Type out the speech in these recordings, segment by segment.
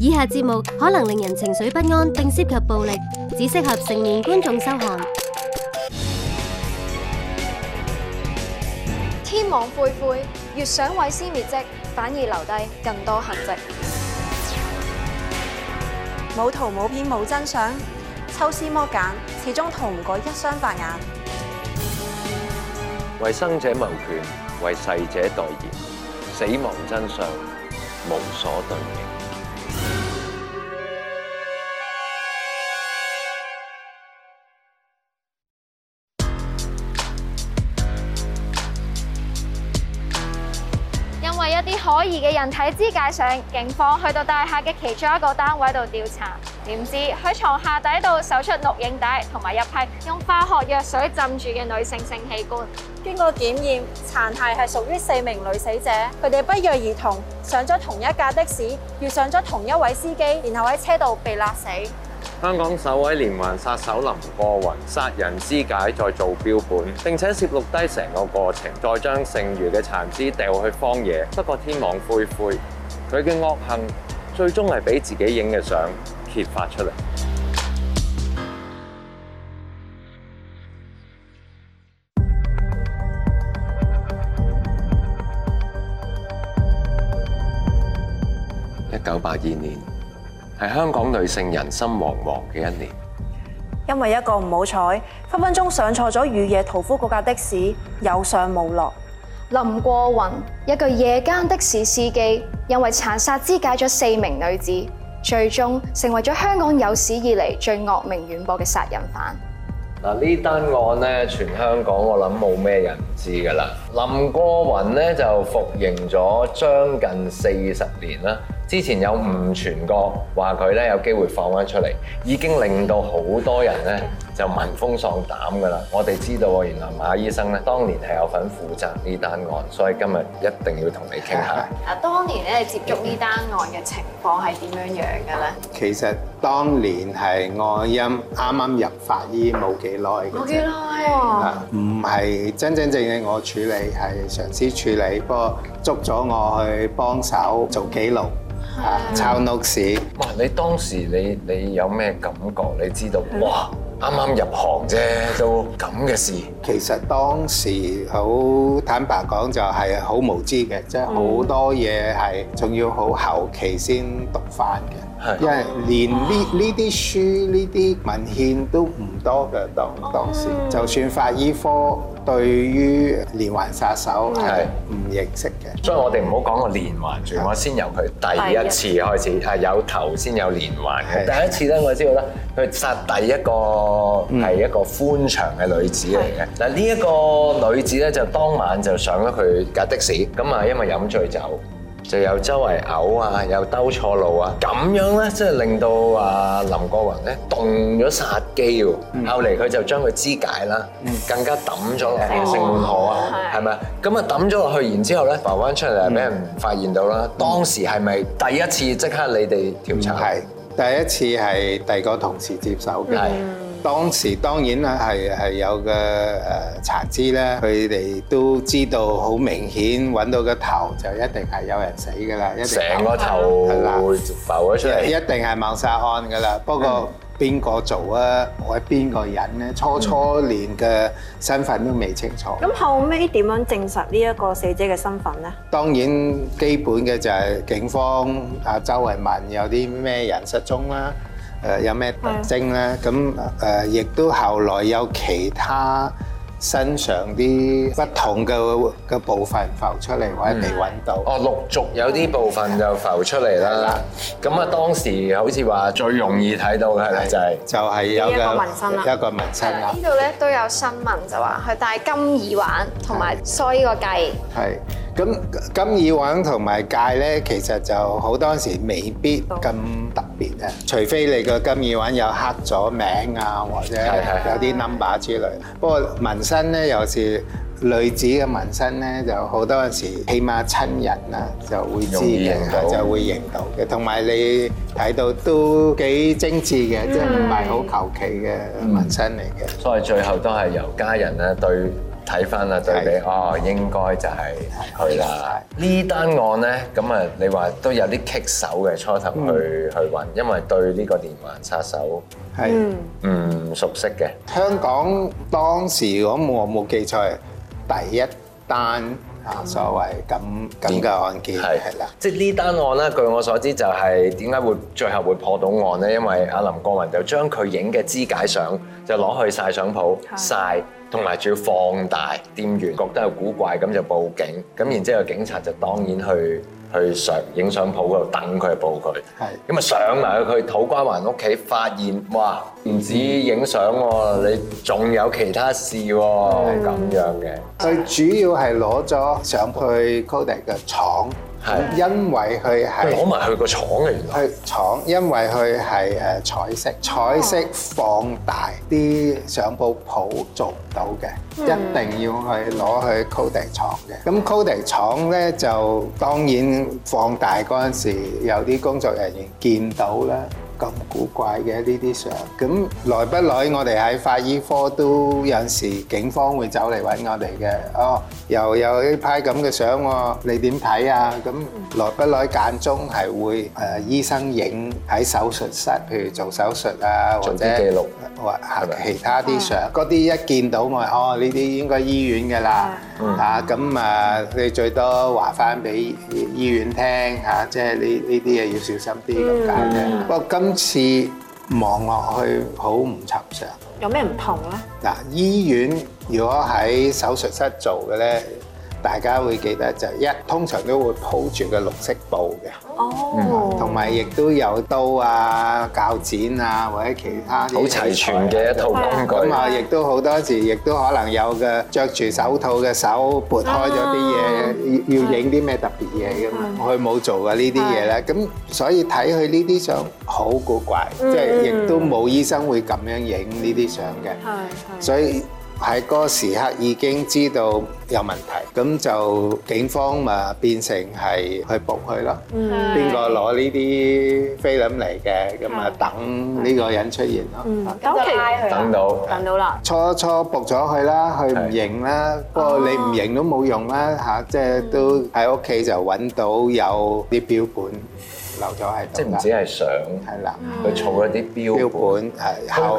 以下節目可能令人情緒不安，並涉及暴力，只適合成年觀眾收看。天網恢恢，越想毀屍滅跡，反而留低更多痕跡。冇圖冇片冇真相，抽絲剝繭，始終逃唔過一雙法眼。為生者謀權，為逝者代言，死亡真相無所遁可疑嘅人體肢解上，警方去到大廈嘅其中一個單位度調查，點知喺床下底度搜出錄影帶同埋一批用化學藥水浸住嘅女性性器官。經過檢驗，殘骸係屬於四名女死者，佢哋不約而同上咗同一架的士，遇上咗同一位司機，然後喺車度被勒死。香港首位連環殺手林過雲，殺人肢解再做標本，並且攝錄低成個過程，再將剩餘嘅殘肢丟去荒野。不過天網恢恢，佢嘅惡行最終係俾自己影嘅相揭發出嚟。一九八二年，係香港女性人心惶惶嘅一年，因為一個唔好彩，分分鐘上錯咗雨夜屠夫嗰架的士，有上冇落。林過雲，一個夜間的士司機，因為殘殺肢解咗四名女子，最終成為咗香港有史以嚟最惡名遠播嘅殺人犯。嗱，呢單案呢，全香港我諗冇咩人唔知㗎啦。林過雲呢，就服刑咗將近四十年啦，之前有誤傳過話佢呢有機會放翻出嚟，已經令到好多人呢。就聞風喪膽噶啦。我哋知道，原來馬醫生咧當年係有份負責呢單案，所以今日一定要同你傾下。嗱當年咧接觸呢單案嘅情況係點樣樣嘅咧？其實當年係我因啱啱入法醫冇幾耐，冇幾耐啊！唔係真真正正我處理，係上司處理，不過捉咗我去幫手做記錄，抄 notes。哇！你當時你你有咩感覺，你知道， 其實, 啱啱入行啫，都咁嘅事。其實當時好坦白講，就係好無知嘅，即係好、嗯、多嘢係仲要好後期先讀返嘅。是因為連呢呢啲書呢啲哇文獻都唔多嘅，當當時、哦、就算法醫科對於連環殺手係唔是認識嘅，所以我哋唔好講個連環住，是我先由佢第一次開始，係的有頭先有連環嘅。的第一次咧，我知覺得佢殺第一個係、嗯、一個寬長嘅女子嚟嘅。嗱呢一個女子咧，就當晚就上咗佢架的士，咁啊因為飲醉酒。就有周圍嘔啊，又兜錯路啊，咁樣咧，即係令到啊林過雲咧動咗殺機喎。嗯、後嚟佢就將佢肢解啦，嗯、更加抌咗落城門河啊，係咪啊？咁啊抌咗落去，然之後咧浮翻出嚟，俾人發現到啦。嗯、當時係咪第一次即刻你哋調查？係、嗯、第一次係第二個同事接手嘅。嗯當時當然啦，係係有個誒殘肢咧，佢哋都知道好明顯揾到個頭就一定係有人死噶啦，一定浮咗出嚟。一定係謀殺案噶啦，不過邊個做啊？或者邊個人咧？初初連嘅身份都未清楚。咁後尾點樣證實呢一個死者嘅身份咧？當然基本嘅就係警方啊，周圍問有啲咩人失蹤啦。誒有咩特徵咧？咁誒亦都後來有其他身上啲不同嘅嘅部分浮出嚟，或者未揾到。哦，陸續有啲部分就浮出嚟啦。咁啊，當時好似話最容易睇到嘅就係就係有嘅一個紋身啦。一個紋身啦。呢度咧都有新聞就話佢戴金耳環同埋梳呢個髻。係。咁金耳環同埋戒咧，其實就好多時未必咁特別啊，除非你個金耳環有刻咗名啊，或者有啲 number 之類。不過紋身咧，尤其係女子嘅紋身咧，就好多時，起碼親人啊就會知嘅，就會認到嘅。同埋你睇到都幾精緻嘅，即係唔係好求其嘅紋身嚟嘅。所以最後都係由家人咧對。睇翻啦，對比是哦，應該就係佢啦。呢單案咧，咁啊，你話都有啲棘手嘅，初頭去去揾，嗯、因為對呢個連環殺手係唔、嗯、熟悉嘅。香港當時如果我冇記錯，第一單啊所謂咁咁嘅案件係啦，即係呢單案咧，據我所知就係點解會最後會破到案咧？因為阿林過雲就將佢影嘅肢解就相就攞去晒相舖，晒。嗯是同埋仲要放大，店員覺得有古怪咁就報警，咁然之後警察就當然去去上影相鋪嗰度等佢報佢，係咁啊上埋去土瓜灣屋企，發現哇唔止影相喎，你仲有其他事喎、啊、咁的樣嘅。最主要係攞咗上去 Kodak 嘅廠。因為佢係攞埋去個廠嚟。去廠，因為佢係誒彩色，彩色放大啲相舖，舖做唔到嘅，一定要去攞去 Cody 廠嘅。咁 Cody 廠咧就當然放大嗰陣時，有啲工作人員見到咧，咁古怪嘅呢啲相。咁來不來，我哋喺法醫科都有時，警方會走嚟揾我哋嘅哦。又有呢批咁嘅相喎，你點睇啊？咁來不來間中係會誒醫生影喺手術室，譬如做手術啊，或者記錄或係其他啲相，嗰啲一見到我，哦，呢啲應該醫院嘅啦嚇。咁啊，你最多話翻俾醫院聽嚇，即係呢呢啲嘢要小心啲咁解嘅。不過今次望落去好唔尋常，有咩唔同咧？嗱，醫院。如果喺手術室做嘅咧，大家會記得就一通常都會抱住個綠色布嘅，哦，同埋亦都有刀啊、鉸剪啊，或者其他好齊全嘅一套工具。咁啊，亦都好多時，亦都可能有嘅着住手套嘅手撥開咗啲嘢，要要影啲咩特別嘢嘅嘛。佢冇做過呢啲嘢咧，咁所以睇佢呢啲相好古怪，即係亦都冇醫生會咁樣影呢啲相嘅。係，所以。喺嗰時刻已經知道有問題，咁就警方咪變成係去捕佢啦。邊個攞呢啲菲林嚟嘅？咁啊，等呢個人出現咯。咁就等到等到啦。初初捕咗佢啦，佢唔認啦。不過你唔認都冇用啦吓，即係都喺屋企就揾到有啲標本留咗喺度。即係唔止係相，係啦，佢儲一啲標標本。係後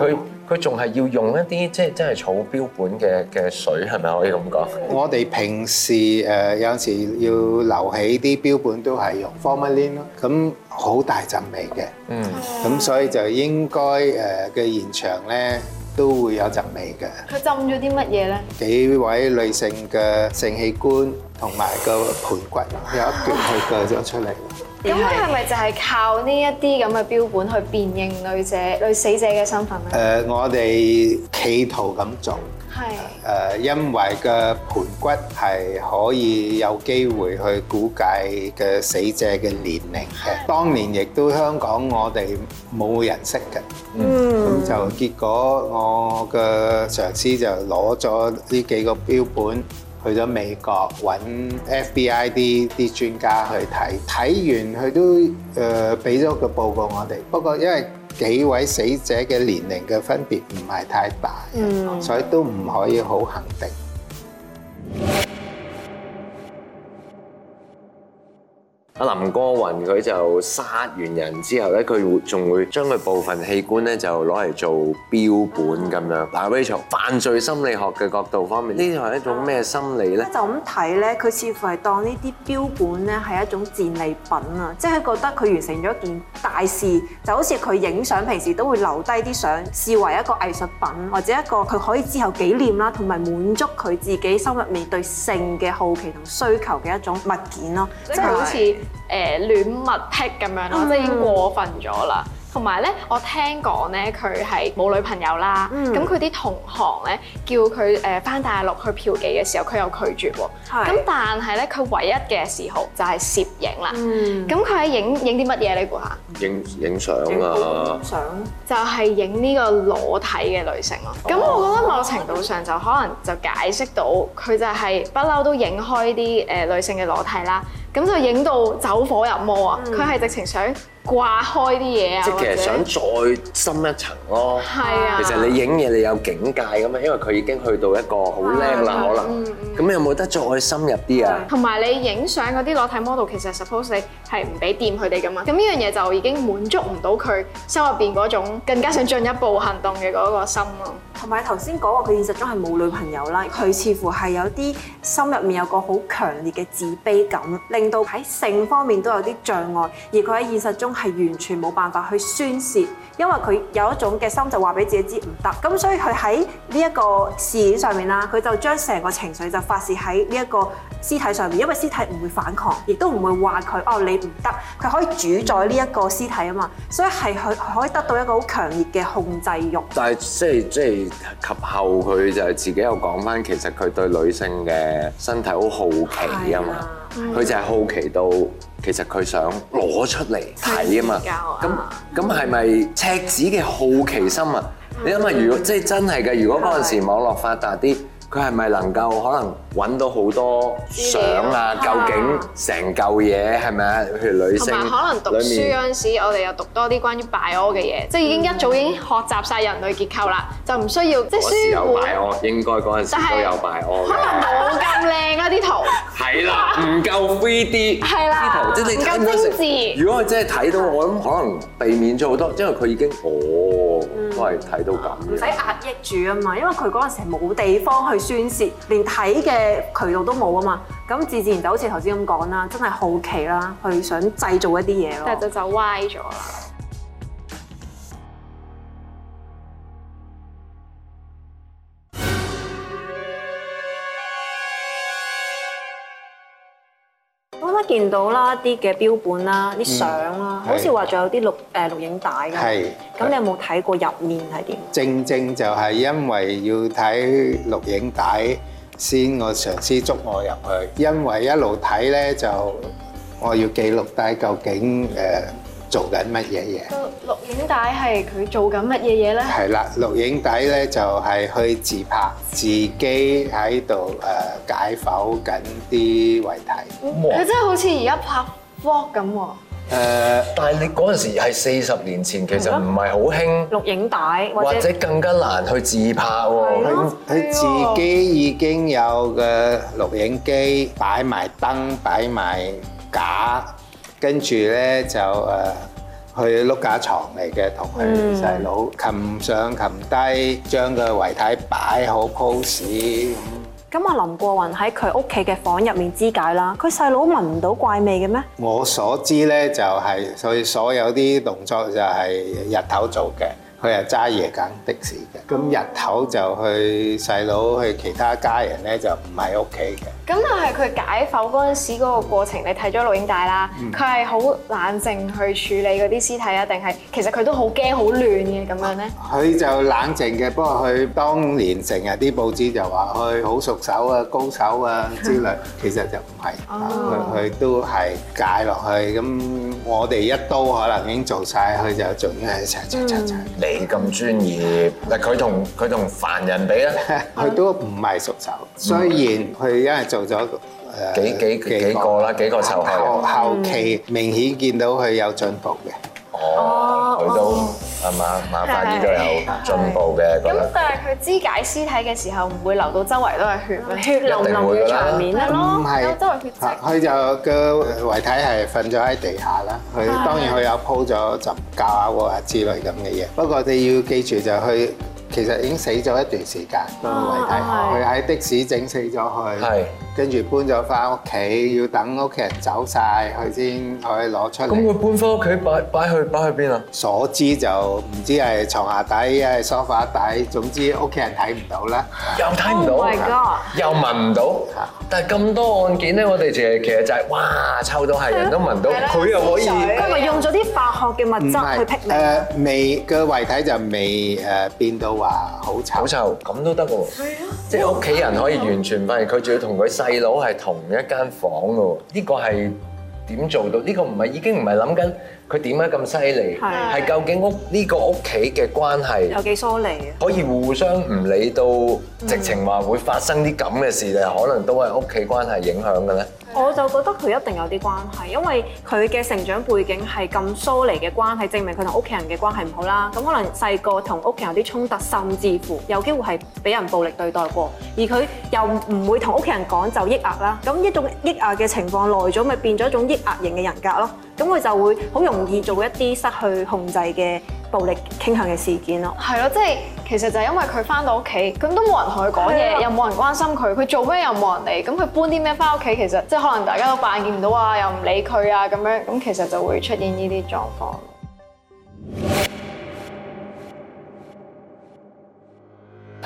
佢仲係要用一啲即係即係儲標本嘅嘅水，係咪可以咁講？我哋平時誒、呃、有時要留起啲標本都係用 formalin 咯，咁好大陣味嘅。嗯，咁、嗯嗯、所以就應該誒嘅、呃、現場咧都會有陣味嘅。佢浸咗啲乜嘢咧？幾位女性嘅性器官同埋個盆骨 有一段佢割咗出嚟。咁佢係咪就係靠呢一啲咁嘅標本去辨認女者、女死者嘅身份咧？誒，我哋企圖咁做，誒，因為個盆骨係可以有機會去估計嘅死者嘅年齡嘅。當年亦都香港我哋冇人識嘅，咁就結果我嘅上司就攞咗呢幾個標本，去咗美國揾 FBI 啲，啲專家去睇，睇完佢都誒俾咗個報告我哋。不過因為幾位死者嘅年齡嘅分別唔係太大，嗯，所以都唔可以好肯定。阿林過雲佢就殺完人之後咧，佢會仲會將佢部分器官咧就攞嚟做標本咁樣。阿 Rachel，犯罪心理學嘅角度方面，呢係一種咩心理咧？就咁睇咧，佢似乎係當呢啲標本咧係一種戰利品啊，即係覺得佢完成咗一件大事，就好似佢影相，平時都會留低啲相，視為一個藝術品或者一個佢可以之後紀念啦，同埋滿足佢自己心入面對性嘅好奇同需求嘅一種物件咯，即係好似。誒戀物癖咁樣咯，即係已經過分咗啦。同埋咧，我聽講咧，佢係冇女朋友啦。咁佢啲同行咧叫佢誒翻大陸去嫖妓嘅時候，佢又拒絕喎。咁但係咧，佢唯一嘅嗜好就係攝影啦，嗯。咁佢喺影影啲乜嘢呢？估下，影影相啊，照，相就係影呢個裸體嘅女性咯。咁我覺得某程度上就可能就解釋到佢就係不嬲都影開啲誒女性嘅裸體啦。咁就影到走火入魔啊！佢係、嗯、直情想，掛開啲嘢啊！即係其實想再深一層咯。係啊，其實你影嘢你有境界咁啊，因為佢已經去到一個好靚喇。可能咁你有冇得再深入啲啊？同埋你影相嗰啲裸體 model，其實 suppose 你係唔俾掂佢哋㗎嘛。咁呢樣嘢就已經滿足唔到佢心入邊嗰種更加想進一步行動嘅嗰個心咯。同埋頭先講話佢現實中係冇女朋友啦，佢似乎係有啲心入面有個好強烈嘅自卑感，令到喺性方面都有啲障礙，而佢喺現實中，係完全冇辦法去宣洩，因為佢有一種嘅心就話俾自己知唔得，咁所以佢喺呢一個事件上面啦，佢就將成個情緒就發洩喺呢一個屍體上面，因為屍體唔會反抗，亦都唔會話佢哦你唔得，佢可以主宰呢一個屍體啊嘛，所以係佢可以得到一個好強烈嘅控制欲。但係即係即係及後，佢就係自己又講返，其實佢對女性嘅身體好好奇啊嘛，佢、啊嗯、就係好奇到。其實佢想攞出嚟睇啊嘛，咁咁係咪赤子嘅好奇心啊？嗯、你諗下，如果即係真係嘅，如果嗰陣時網絡發達啲。佢係咪能夠可能揾到好多相啊？究竟成嚿嘢係咪啊？譬如女性，可能讀書嗰陣時，我哋又讀多啲關於 Bio 嘅嘢，即係已經一早已經學習晒人類結構啦，就唔需要。嗯、即係書有 Bio，應該嗰陣時是都有 Bio。可能冇咁靚啊啲 那圖。係 啦，唔夠 three D。係啦 了，唔夠真實。如果佢真係睇到，我諗、嗯、可能避免咗好多，因為佢已經哦。都係睇到咁、嗯，唔使壓抑住啊嘛，因為佢嗰陣時冇地方去宣泄，連睇嘅渠道都冇啊嘛，咁自自然就好似頭先咁講啦，真係好奇啦，去想製造一啲嘢咯，但係就走歪咗啦。見到啦啲嘅標本啦，啲相啦，嗯、好似話仲有啲錄誒錄影帶咁。係是，咁你有冇睇過入面係點？正正就係因為要睇錄影帶先，我嘗試捉我入去。因為一路睇咧，就我要記錄帶究竟誒，呃做緊乜嘢嘢？錄影帶係佢做緊乜嘢嘢咧？係啦，錄影帶咧就係去自拍，自己喺度誒解剖緊啲遺體。佢哇真係好似而家拍 Vlog 咁喎。呃，但係你嗰陣時係四十年前，其實唔係好興錄影帶，或者，或者更加難去自拍喎。佢的自己已經有嘅錄影機，擺埋燈，擺埋架。跟住咧就誒去碌架床嚟嘅，同佢細佬擒上擒低，將個遺體擺好 pose。咁啊、嗯，林過雲喺佢屋企嘅房入面肢解啦，佢細佬聞唔到怪味嘅咩？我所知咧就係、是，所以所有啲動作就係日頭做嘅。佢係揸夜間的士嘅，咁日頭就去細佬去其他家人咧，就唔喺屋企嘅。咁又係佢解剖嗰陣時嗰個過程，嗯、你睇咗錄影帶啦。佢係好冷靜去處理嗰啲屍體啊，定係其實佢都好驚、好亂嘅咁樣咧？佢就冷靜嘅，不過佢當年成日啲報紙就話佢好熟手啊、高手啊之類，嗯、其實就唔係。佢佢、哦、都係解落去咁。我哋一刀可能已經做晒，佢就做。要係七七七七。你咁專業，嗱佢同佢同凡人比咧，佢都唔係熟手。雖然佢因為做咗誒幾幾幾個啦幾個，幾個後，後期，明顯見到佢有進步嘅。哦，佢都。啊，慢慢快啲都有進步嘅。咁對但係佢肢解屍體嘅時候，唔會流到周圍都係血，啊、血淋淋嘅場面啦、啊？咯、啊，唔係，周圍血跡，佢就個遺體係瞓咗喺地下啦，佢當然佢有鋪咗枕架啊之類咁嘅嘢。的不過你要記住就係。其實已經死咗一段時間個遺體，佢喺的士整死咗佢，跟住是搬咗翻屋企，要等屋企人走晒，佢先是可以攞出嚟。咁佢搬翻屋企擺擺去擺去邊啊？所知就唔知係床下底，係梳化底，總之屋企人睇唔到啦。又睇唔到，又、又聞唔到。但係咁多案件咧，我哋誒其實就係、是、哇，臭到係人都聞到，佢又的可以，佢咪的的用咗啲化學嘅物質是去剔味？誒、呃，未嘅遺體就未誒、呃、變到話好臭，好臭，咁都得喎。係啊的，即係屋企人可以完全發現，佢仲要同佢細佬係同一間房嘅喎，呢、這個係。點做到呢、這個唔係已經唔係諗緊佢點解咁犀利，係的究竟屋呢、這個屋企嘅關係有幾疏離？可以互相唔理到，直情話會發生啲咁嘅事，就、嗯、可能都係屋企關係影響嘅咧。我就覺得佢一定有啲關係，因為佢嘅成長背景係咁疏離嘅關係，證明佢同屋企人嘅關係唔好啦。咁可能細個同屋企人有啲衝突，甚至乎有機會係俾人暴力對待過，而佢又唔會同屋企人講就抑壓啦。咁呢種抑壓嘅情況耐咗，咪變咗一種抑壓型嘅人格咯。咁佢就會好容易做一啲失去控制嘅暴力傾向嘅事件咯。係咯，即係其實就係因為佢返到屋企，咁都冇人同佢講嘢，對了 又冇人關心佢，佢做咩又冇人理，咁佢搬啲咩返屋企，其實即係可能大家都扮見唔到啊，又唔理佢啊咁樣，咁其實就會出現呢啲狀況。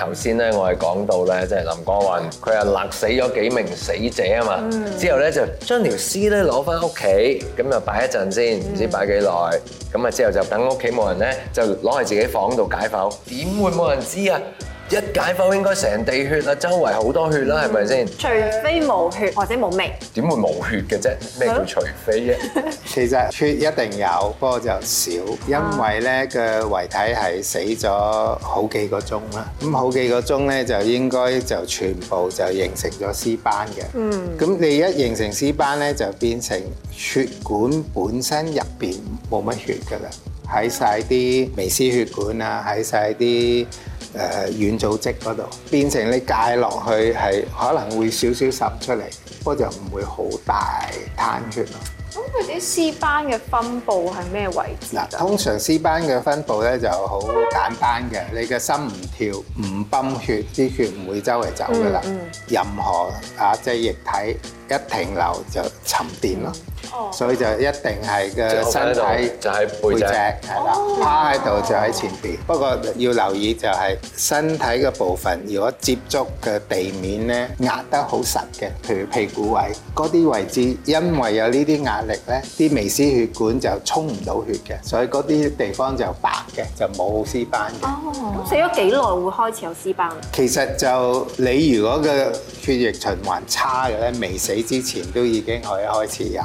頭先咧，我係講到咧，即係林過雲，佢係勒死咗幾名死者啊嘛，之後咧就將條屍咧攞翻屋企，咁就擺一陣先，唔知擺幾耐，咁啊之後就等屋企冇人咧，就攞去自己房度解剖，點會冇人知啊？一解剖應該成地血啦，周圍好多血啦，係咪先？除非冇血或者冇味。點會冇血嘅啫？咩叫除非啫？ 其實血一定有，不過就少，因為咧個遺體係死咗好幾個鐘啦。咁好幾個鐘咧就應該就全部就形成咗屍斑嘅。嗯。咁你一形成屍斑咧，就變成血管本身入邊冇乜血㗎啦。喺晒啲微絲血管啊，喺晒啲。誒、呃、軟組織嗰度變成你界落去係可能會少少滲出嚟、嗯，不過就唔會好大攤血咯。咁佢啲屍斑嘅分佈係咩位置？嗱，通常屍斑嘅分佈咧就好簡單嘅，你嘅心唔跳唔泵血，啲血唔會周圍走㗎啦。嗯嗯、任何啊即係、就是、液體一停留就沉澱咯。嗯所以就一定係個身體就喺背脊，係啦，趴喺度就喺前邊。不過要留意就係身體嘅部分，如果接觸嘅地面咧壓得好實嘅，譬如屁股位嗰啲位置，因為有呢啲壓力咧，啲微絲血管就沖唔到血嘅，所以嗰啲地方就白嘅，就冇屍斑嘅。哦，咁死咗幾耐會開始有屍斑？其實就你如果個血液循環差嘅咧，未死之前都已經可以開始有。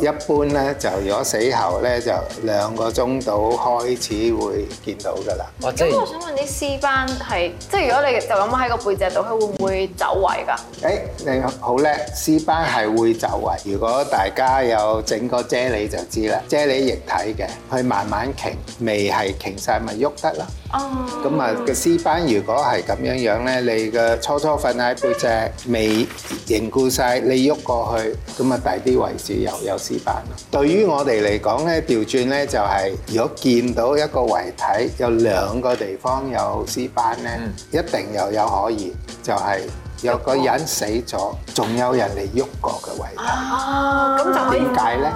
一般咧就如果死後咧就兩個鐘度開始會見到噶啦。咁我想問啲屍斑係，即係如果你就咁喺個背脊度，佢會唔會走位噶？誒，你好叻，屍斑係會走位。如果大家有整個啫喱就知啦，啫喱液體嘅，佢慢慢傾，未係傾晒咪喐得啦。哦，咁啊，個屍斑如果係咁樣樣咧，你嘅初初瞓喺背脊，未凝固晒，你喐過去，咁啊，第啲位置又有屍斑。嗯、對於我哋嚟講咧，調轉咧就係、是，如果見到一個遺體有兩個地方有屍斑咧，嗯、一定又有，有可疑，就係、是。有個人死咗，仲有人嚟喐過嘅位置。啊，咁就點解咧？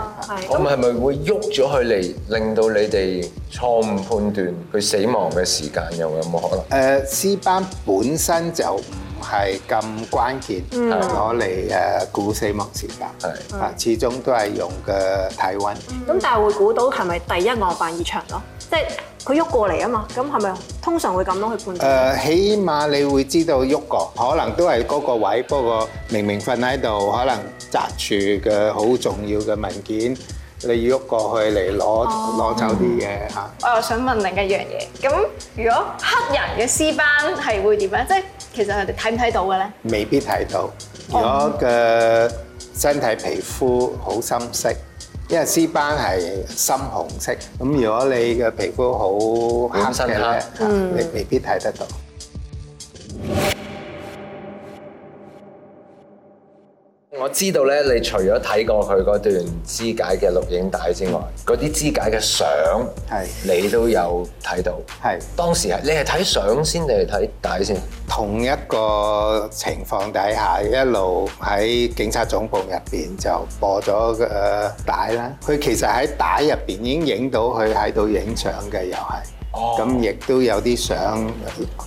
咁係咪會喐咗佢嚟，令到你哋錯誤判斷佢死亡嘅時間有冇可能？誒屍斑本身就唔係咁關鍵，係攞嚟誒估死亡時間，係啊始終都係用嘅體温。咁但係會估到係咪第一案發現場咯？即係佢喐過嚟啊嘛，咁係咪通常會咁樣去判斷？誒，起碼你會知道喐過，可能都係嗰個位。不過明明瞓喺度，可能擸住嘅好重要嘅文件，你喐過去嚟攞攞走啲嘢嚇。我又想問另一樣嘢，咁如果黑人嘅屍斑係會點咧？即係其實佢哋睇唔睇到嘅咧？未必睇到，如果嘅身體皮膚好深色。因為屍斑係深紅色，咁如果你嘅皮膚好黑嘅咧，的你未必睇得到。嗯嗯。我知道咧，你除咗睇過佢嗰段肢解嘅錄影帶之外，咁亦都有啲相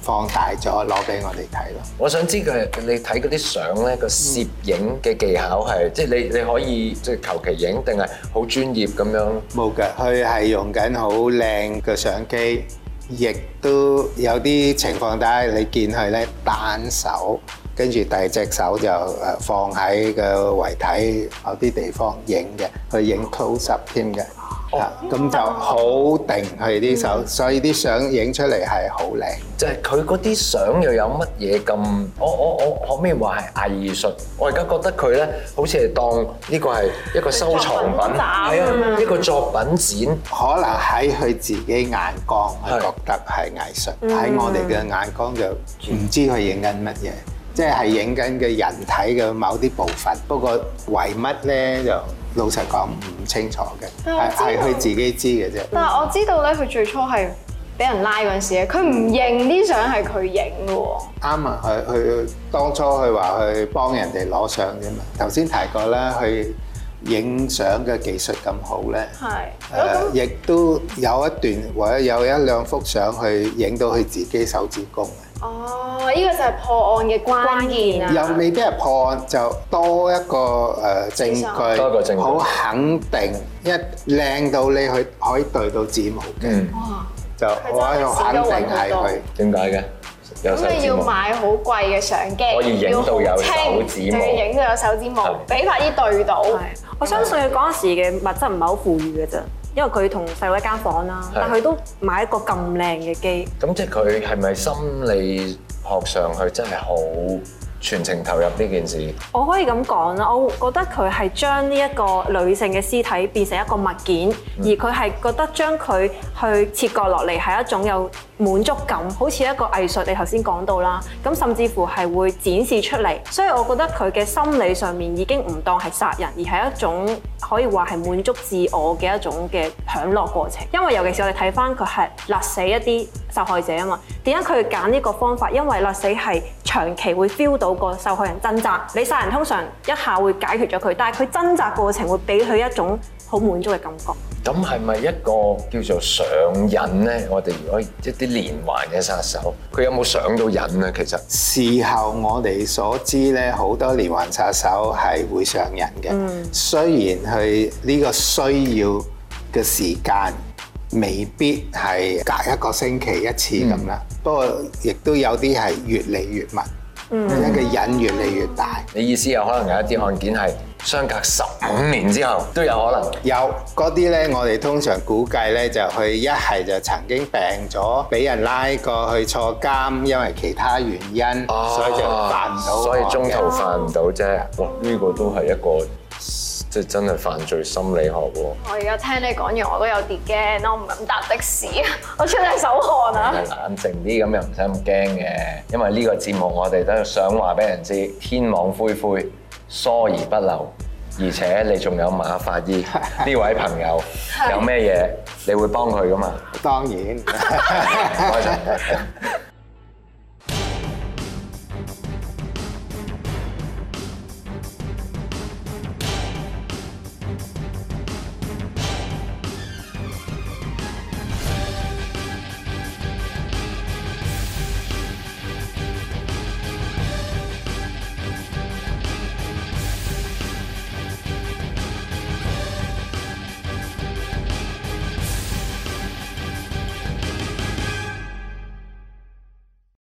放大咗攞俾我哋睇咯。我想知佢，你睇嗰啲相咧，個攝影嘅技巧係即係你你可以即係求其影定係好專業咁樣？冇嘅，佢係用緊好靚嘅相機，亦都有啲情況，大家你見佢咧，單手，跟住第二隻手就誒放喺個遺體某啲地方影嘅，去影 close up 添嘅。咁、哦、就好定佢呢首，嗯、所以啲相影出嚟係好靚，就係佢嗰啲相又有乜嘢咁？我我我可唔可以話係藝術？我而家覺得佢咧，好似係當呢個係一個收藏品，係啊，一個作品展。可能喺佢自己眼光係覺得係藝術，喺、嗯、我哋嘅眼光就唔知佢影緊乜嘢，即係影緊嘅人體嘅某啲部分。不過為乜咧就？老實講唔清楚嘅，係係佢自己知嘅啫。但係我知道咧，佢最初係俾人拉嗰陣時咧，佢唔認啲相係佢影嘅喎。啱啊，佢佢當初佢話去幫人哋攞相啫嘛。頭先提過咧，佢。影相嘅技術咁好咧，誒，亦都有一段或者有一兩幅相去影到佢自己手指公。哦，呢個就係破案嘅關鍵啊！又未必係破案就多一個誒證據，多一個證據。好肯定，一靚到你去可以對到指模。嗯。哇！就我係肯定係佢。點解嘅？咁你要買好貴嘅相機，要影到有手指模，要影到有手指模，俾拍依對到。我相信佢嗰陣時嘅物質唔係好富裕嘅啫，因為佢同細佬一間房啦，是的 但佢都買一個咁靚嘅機。咁、嗯、即係佢係咪心理學上去真係好？全程投入呢件事，我可以咁講啦。我覺得佢係將呢一個女性嘅屍體變成一個物件，而佢係覺得將佢去切割落嚟係一種有滿足感，好似一個藝術。你頭先講到啦，咁甚至乎係會展示出嚟，所以我覺得佢嘅心理上面已經唔當係殺人，而係一種可以話係滿足自我嘅一種嘅享樂過程。因為尤其是我哋睇翻佢係勒死一啲。受害者啊嘛，點解佢揀呢個方法？因為勒死係長期會 feel 到個受害人掙扎。你殺人通常一下會解決咗佢，但係佢掙扎過程會俾佢一種好滿足嘅感覺。咁係咪一個叫做上癮呢？我哋如果一啲連環嘅殺手，佢有冇上到癮呢？其實事後我哋所知呢，好多連環殺手係會上癮嘅。嗯，雖然佢呢個需要嘅時間。未必係隔一個星期一次咁啦，嗯，不過亦都有啲係越嚟越密，因為個癮越嚟越大。你意思有可能有一啲案件係相隔十五年之後都有可能。有嗰啲呢，我哋通常估計呢，就去一係就曾經病咗，俾人拉過去，去坐監，因為其他原因，哦、所以就犯唔到。所以中途犯唔到啫，呢、呢個都係一個。即係真係犯罪心理學喎！我而家聽你講完，我都有啲驚咯，唔敢搭的士啊！我出曬手汗啊！冷靜啲，咁又唔使咁驚嘅，因為呢個節目我哋都想話俾人知，天網恢恢，疏而不漏，而且你仲有馬法醫呢位朋友，有咩嘢你會幫佢㗎嘛？當然。開心。